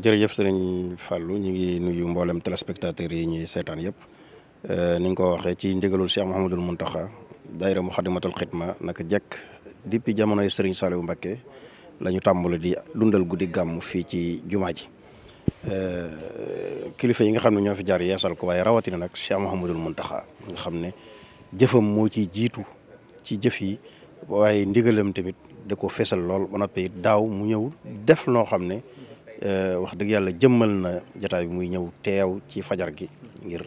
jërëjëf sëriñ Fallou ñu ngi nuyu mboolem téléspectateurs yi ñuy seetaan yëpp euh, ni nga ko waxee ci ndigalul Cheikh Mouhamadul Mountakha daayira Muxaddamatul Xidma naka jekk depuis jamonoy sëriñ Saliou Mbacké la ñu tàmbali di dundal guddi gàmm fii ci jumaa ji euh, kilifa yi nga xam ne ñoo fi jaar yeesal ko waaye rawatina nag Cheikh Mouhamadul Mountakha nga xam ne jëfam moo ci jiitu ci jëf yi waaye ndigalam tamit da ko fesal lool ba noppi daaw mu ñëw def noo xam ne. Eh, wax dëgg yàlla jëmmal na jataay bi muy ñëw teew ci fajar gi ngir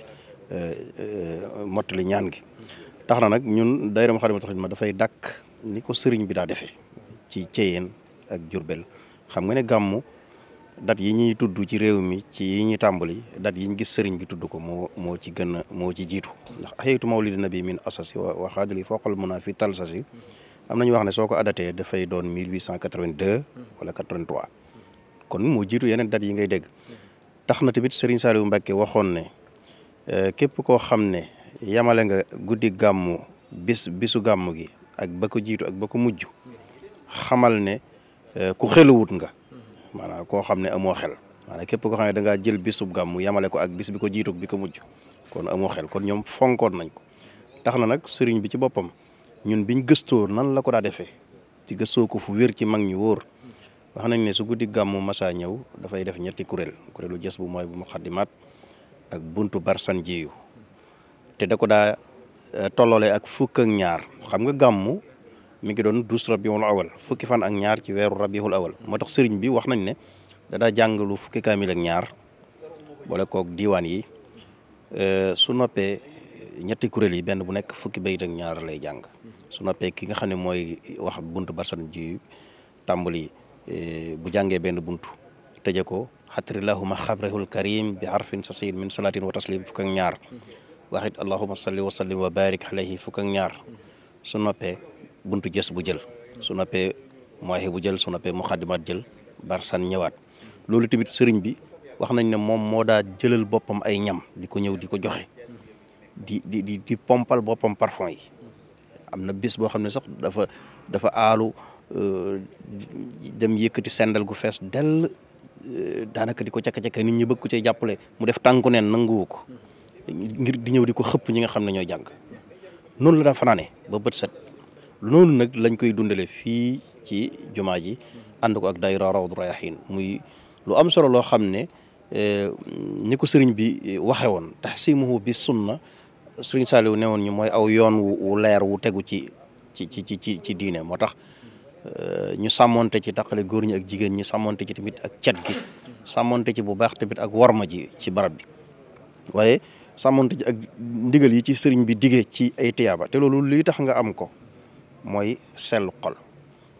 eh, eh, mottali ñaan gi tax na nag ñun daayira Moukhaddamatoul Khidma dafay dàkk ni ko sëriñ bi daa defee ci Ceyeen ak Jurbel xam nga ne gàmmu dat yi ñuy tudd ci réew mi ci yi ñuy tàmbali dat yi ñu gis sëriñ bi tudd ko moo moo ci gën moo ci jiitu ndax ayetu mawlid nabi min asasi wa foo fooqal mun a fi talsasi am nañu wax ne soo ko adatee dafay doon 1882 wala 83 kon moo jiitu yeneen dates yi ngay dégg tax na tamit Serigne Saliou Mbacke waxoon ne euh, képp koo xam ne yamale nga guddi gàmmu bis bisu gàmmu gi ak ba ko ak ba mujj xamal ne euh, ku xeluwut nga maanaam koo xam ne amoo xel maanaam képp koo xam ne da ngaa jël bisub gàmmu yamale ko ak bis bi ko jiitu bi ko mujj kon amoo xel kon ñoom fonkoon nañ ko tax na nag sëriñ bi ci boppam ñun biñ gëstoo nan la ko daa defee ci gëstoo ko fu wéer ci mag ñi wóor wax nañ ne su guddi gàmmu masaa ñëw dafay def ñetti kuréel kuréelu jës bu mooy bu mu xaddimaat ak buntu barsan jiyu te da ko daa eh, tolloole ak fukk ak ñaar xam nga gàmmu mi ngi doon dus rabiul awal fukki fan ak ñaar ci weeru rabiul awal moo tax sëriñ bi wax nañ ne da daa jàng lu fukki kaamil ak ñaar boole kook diwaan yi eh, su noppee ñetti kuréel yi benn bu nekk fukki bayit ak ñaar lay jàng su noppee ki nga xam ne mooy wax bunt barsan jiyu tàmbali Eh, bu jàngee benn buntu tëje ko xatrilahuma xabrahul karim bi arfin sasin min salatin wa taslim fukk ak ñaar waxit allahuma salli wa sallim wa barik alayhi fukk ak ñaar su noppee buntu jës bu jël su noppee moahi bu jël su noppee muxadimat jël barsan ñawaat loolu tamit sëriñ bi wax nañ ne moom moo daa jëlal boppam ay ñam di ko ñëw di ko joxe di di di pompal boppam parfum yi am na bis boo xam ne sax dafa aalu Euh, dem yëkkati sendal gu fees dell euh, daanaka di ko cakk-cakk nit ñi bëgg ko cee jàppale mu def tànku neen nanguwu ko ngir di ñëw di ko xëpp ñi nga xam ne ñooy jàng noonu la daa fanaane ba bët set noonu nag lañ koy dundale fii ci jumaa ji ànd ko ak daayira Rawdu Rayaahiin muy lu am solo loo xam ne euh, ni ko sëriñ bi waxe woon tahsimuhu bi sunna sëriñ Saliou ne woon ñu mooy aw yoon wu leer wu tegu ci ci ci ci ci diine moo tax Euh, ñu sàmmonte ci taqale góor ñi ak jigéen ñi sàmmonte ci tamit ak cet gi sàmmonte ci bu baax tamit ak warma ji ci barab bi waaye sàmmonte ci ak ndigal yi ci sëriñ bi digee ci ay tiyaaba te loolu lii tax nga am ko mooy sellu xol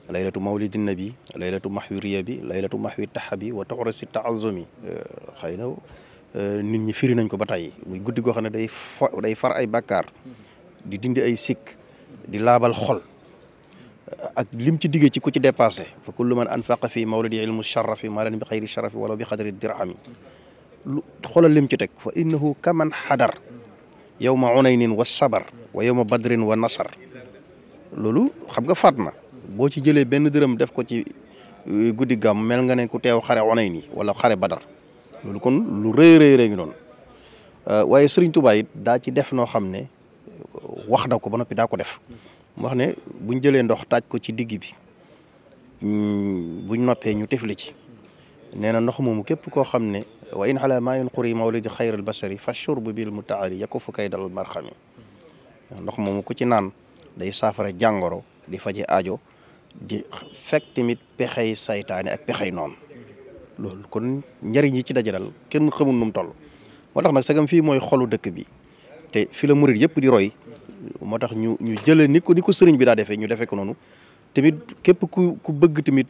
laylatu mawlidi nabi laylatu maxwi riya bi laylatu maxwi taxa bi wa taxrasi taazumi euh, xëy na euh, nit ñi firi nañ ko ba tey muy guddi goo xam ne day day far ay bàkkaar di dindi ay sikk di laabal xol ak lim ci diggee ci ku ci dépassé fa kullu man anfaqa fi mawlidi ilmu sharafi maalan bi xayri sharafi wala bi xadri dirami lu xoolal lim ci teg fa innahu kaman xadar yowma unaynin wa sabar wa yowma badrin wa nasar loolu xam nga faat na boo ci jëlee benn dërëm def ko ci euh, guddi gàmm mel nga ne ku teew xare unayn yi wala xare badar loolu kon lu rëy rëy rëy ngi noonu euh, waaye Serigne Touba it daa ci def noo xam ne wax na ko ba noppi daa ko def mu wax ne buñ jëlee ndox taaj ko ci digg bi buñ noppee ñu tefli ci nee na ndox moomu képp koo xam ne wa in ala maayin quri mawlidi xayral basari fa shurbu bil mutaari yakufu kaydal marxami ndox moomu ku ci naan day saafara jàngoro di faje aajo di fekk tamit pexey saytaane ak pexey noonu loolu kon njëriñ yi ci dajaral kenn xamul nu mu toll moo tax nag sagam fii mooy xolu dëkk bi te fi la murit yëpp di roy moo tax ñu ñu jëlee ni ko ni ko sëriñ bi daa defee ñu defee ko noonu tamit képp ku ku bëgg tamit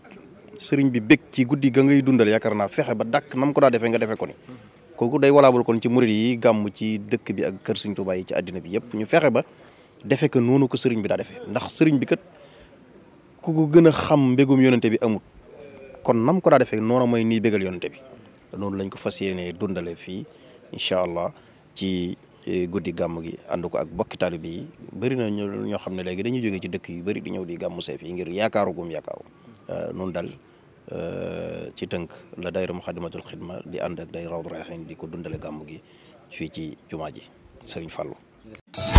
sëriñ bi bëgg ci guddi ga ngay dundal yaakaar naa fexe ba dàkk nam ko daa defee nga defee ko ni kooku day walaabal kon ci murid yi gàmm ci dëkk bi ak kër sëriñ Tuubaa yi ci àddina bi yëpp ñu fexe ba defee ko noonu ko sëriñ bi daa defee ndax sëriñ bi kat ku ko gën a xam mbégum yonente bi amut kon nam ko daa defee noonu mooy nii bégal yonente bi noonu lañ ko fas yéenee dundale fii incha allah ci guddi gàmm gi ànd ko ak bokki taalibe yi bëri na ñoo xam ne léegi dañuy jógee ci dëkk yu bari di ñëw di gàmmu see fii ngir yaakaaru gum yaakaaru euh, noonu daal euh, ci tënk la daayira Muxaddamatul Xidma di ànd ak day raw raxin di ko dundale gàmm gi fii ci jumaa ji Sëriñ Fàllu